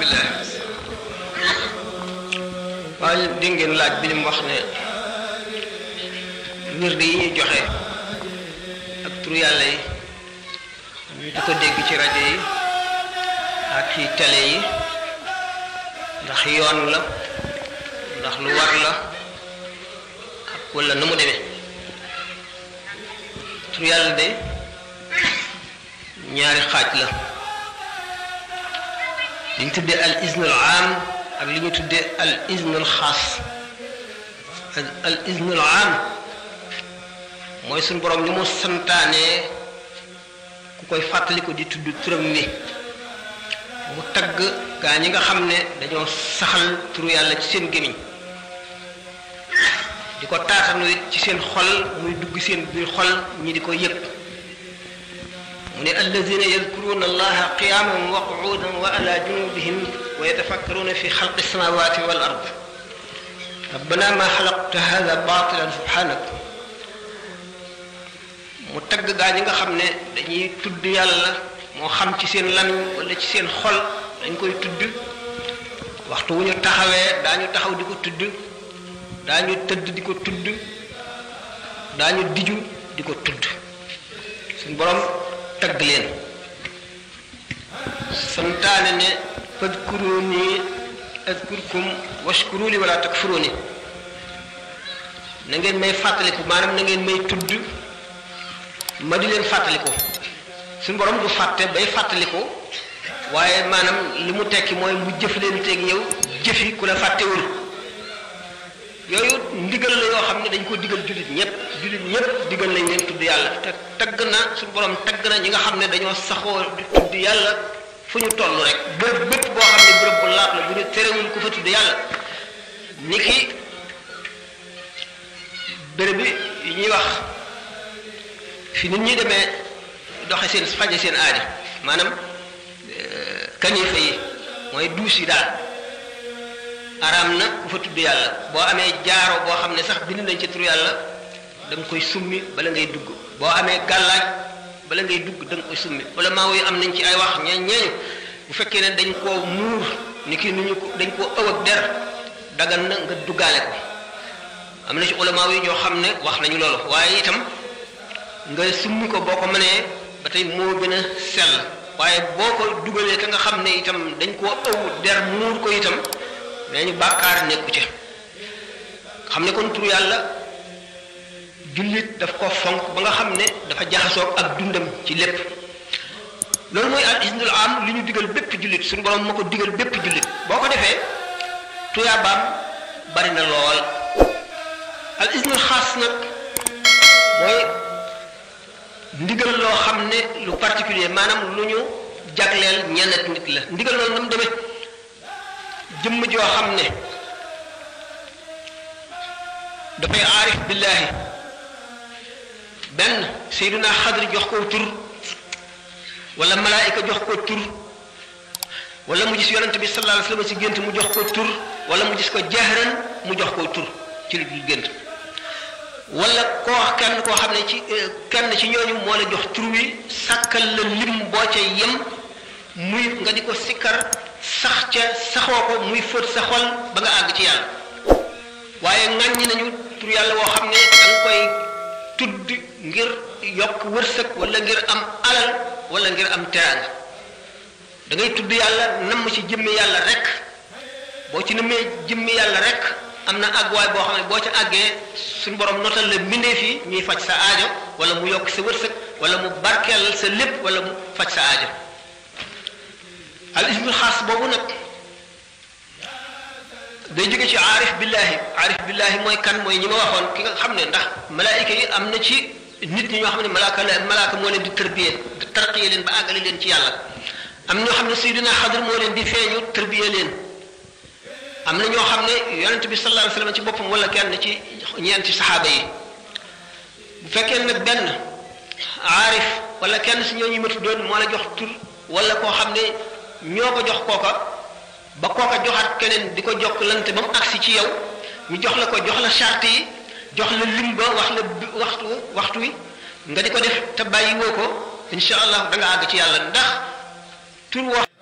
bisimilah. waaye dégg laaj bi ñu wax ne wird yi ñuy joxe ak turu yi ñu di ko dégg ci rajo yi ak ci télé yi ndax yoon la ndax lu war la ak wala na mu demee turu yàlla ñaari xaaj la. ديغ تودي الاذن العام اك لي تودي الاذن الخاص الاذن العام موي سون بروم لي مو سنتاني كوكاي فاتليكو دي تود تورم مو تاغ غا نيغا خامني دانيو ساخال تورو يالا سي سين گيمي ديكو تاتانو سي سين خول موي دوج سين بير خول ني ديكو ييب يعني الذين يذكرون الله قياما وقعودا وعلى جنوبهم ويتفكرون في خلق السماوات والارض ربنا ما خلقت هذا باطلا سبحانك متجد دا نيغا خامني دا ني تود يالا مو خام سي سين لان ولا سي سين خول دا نكوي تود وقتو ونيو تخاوي دا نيو تخاو ديكو تود دا نيو ديكو تود دا ديجو ديكو تود سن بروم tagg leen santaane ne fadkuruni adkurkum washkuru li wala takfuruni na ngeen may fàttaliku maanaam na may tudd ma di leen fàttaliku suñu borom du fàtte bay fàttaliku waaye maanaam li mu tekki mooy mu jëf leen teeg yow jëfi ku la fàttewul yooyu ndigal la yoo xam ne dañ ko digal jullit ñépp jullit ñëpp digal nañ leen tudd yàlla te tagg na suñu borom tagg na ñi nga xam ne dañoo saxoo di tudd yàlla fu ñu toll rek bërëb boo xam ne bërëb bu laab la bu ñu terewul ku fa tudd yàlla ni ki bërëb bi yi ñuy wax fi nit ñuy demee doxe seen faje seen aadi maanaam euh, kanifa yi mooy duus yi daal araam na ku fa tudd yàlla boo amee jaaro boo xam ne sax bind nañ ci tur yàlla da koy summi bala ngay dugg boo amee gàllaaj bala ngay dugg da nga koy summi wala maa yi am nañ ci ay wax ñee ñeeñu bu fekkee ne dañ koo muur ni ki nu ñu ko dañ koo ëw ak der na nga duggaale am na ci ulama yi ñoo xam ne wax nañu loolu waaye itam nga summi ko boo ko mënee ba tey moo gën a sell waaye boo ko dugalee ka nga xam ne itam dañ koo ëw der muur ko yitam nee ñu bàkkaar nekku ci xam ne kon tur yàlla julit daf ko fonk ba nga xamne dafa jaxaso ak dundam ci lepp loolu moy al isnul am li ñu digal bépp julit suñu borom mako diggal bepp julit boko defé tuya bam bari na lool al isnul khas nak moy ndigal lo xamne lu particulier manam lu ñu jagleel ñennet nit la ndigal loolu nam demé jëm jo xamne da fay arif billahi ben sayyidina khadir jox ko tur wala malaika jox ko tur wala mu gis yaronte bi sallallahu alaihi wasallam ci gënt mu jox ko tur wala mu gis ko jahran mu jox ko tur ci lu gënt wala ko kenn ko xamne ci eh, kenn ci ñooñu mo la jox tur wi sakal la lim bo ca yem muy nga diko sikar sax ca saxoo ko muy fët sa xol ba nga ag ci yalla waye ngagn nañu tur yalla wo xamne dang koy tudd ngir yok wërsëg wala ngir am alal wala ngir am teranga da ngay tudd yàlla nam ci jëmmi yàlla rek boo ci nammee jëmmi yàlla rek am na àgguwaay boo xam ne boo ca àggee suñ borom notal la mbindee fii ñuy faj sa aajo wala mu yokk sa wërsëg wala mu barkeel sa lépp wala mu faj sa aajo al ismu xaas boobu nag day jóge ci arif billahi arif billahi mooy kan mooy ñi ma waxoon ki nga xam ndax malaayika yi am ci nit ñi nga xamne malaaka la malaaka mo leen di tërbiye di tarqiye leen ba agale leen ci yàlla am ñu xamne sayyidina xadr mo leen di feñu tërbiye leen am na ñoo xamne yaronte bi sallallahu alayhi wasallam ci boppam wala kenn ci ñeenti sahaba yi bu fekke nak ben aarif wala kenn ci ñoo ñi ma tuddoon mo la jox tur wala ko xamne ne ko jox koka ba koka joxat keneen diko jox lante bam aksi ci yow ñu jox la ko jox la charte yi jox la lim ba wax la waxtu waxtu wi nga di ko def te bàyyi woo ko incha allah da nga àgg ci yàlla ndax tur wax